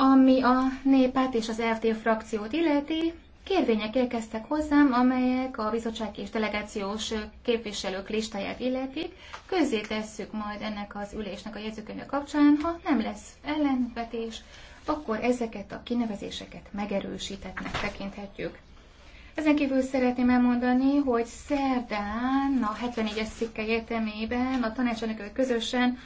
Ami a népát és az RT frakciót illeti, kérvények érkeztek hozzám, amelyek a bizottság és delegációs képviselők listáját illetik. Közzé tesszük majd ennek az ülésnek a jegyzőkönyve kapcsán, ha nem lesz ellenvetés, akkor ezeket a kinevezéseket megerősítetnek tekinthetjük. Ezen kívül szeretném elmondani, hogy szerdán a 74-es szikke értelmében a tanácsadnak közösen